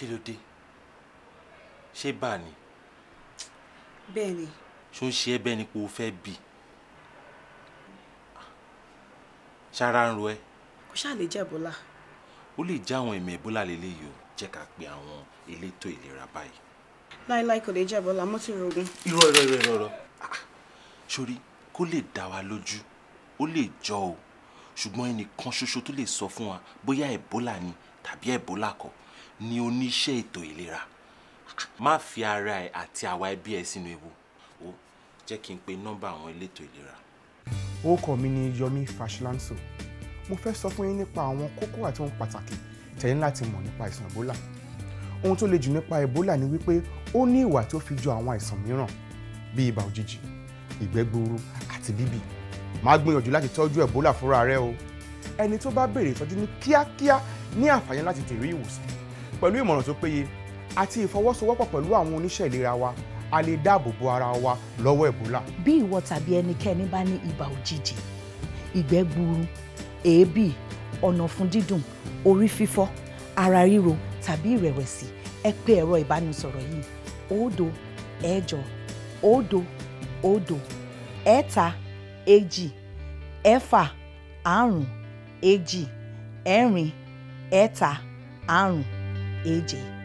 kí ló dé ṣé bà ni. bẹ́ẹ̀ ni. ṣó ń ṣe ẹ́ bẹ́ẹ̀ ni pé o fẹ́ bì ṣara ń ro ẹ́. kó ṣáà lè jẹ́ Bọ́lá. ó lè jẹ́ àwọn ẹ̀mí Ẹ̀bọ́là lélẹ́yìí o jẹ́ ká pe àwọn elétò ìlera báyìí. láíláí kò lè jẹ́ Bọ́lá mo ti rògùn. irọ́ irọ́ irọ́ irọ́ ah, sórí kó lè dá wa lójú ó lè jọ o ṣùgbọ́n ẹnìkan ṣoṣo tó lè sọ fún wa bóyá Ẹ̀bọ́là ni tàbí Ẹ̀bọ́là kọ́ ni oníṣẹ́ ètò ìlera má fi ara ẹ àti àwa ẹbí ẹ sínú ewu ó jẹ́ kí n pe nọ́mbà àwọn elétò ìlera. orúkọ mi ni Yomi Fashlanso mo fẹ́ sọ fún yín nípa àwọn kókó àti ohun pàtàkì tẹ̀yìn láti mọ̀ nípa àìsàn Ebola ohun tó le jù nípa Ebola ni wípé ó ní ìwà tó fi jọ àwọn àìsàn mìíràn bíi ibà òjijì ìgbẹ́ gbuuru àti bíbì máa gbìyànjú láti tọ́jú Ebola fúnra rẹ o ẹni tó bá béèrè ìtọ́jú ní kíákíá ní àǹfààní láti tèrè ìwòsàn pẹ̀lú ìmọ̀ràn tó péye àti ìfọwọ́sowọ́pọ̀ pẹ̀lú àwọn oníṣẹ́ ìlera wa a lè dáàbò bo ara wa lọ́wọ́ ẹ̀bólà. bí ìwọ tàbí ẹnikẹ́ni bá ní ibà òjijì ìgbẹ́ gbuuru èébì ọ̀nà fún dídùn orí fífọ́ ara ríro tàbí ìrẹ̀wẹ̀sì ẹ pè ẹ̀rọ ìbánisọ̀rọ̀ yìí òdo ẹ̀jọ òdo òdo ẹ̀ta èjì ẹ̀fà àrùn èjì ẹ̀rin ẹ̀ta àrùn. A. G.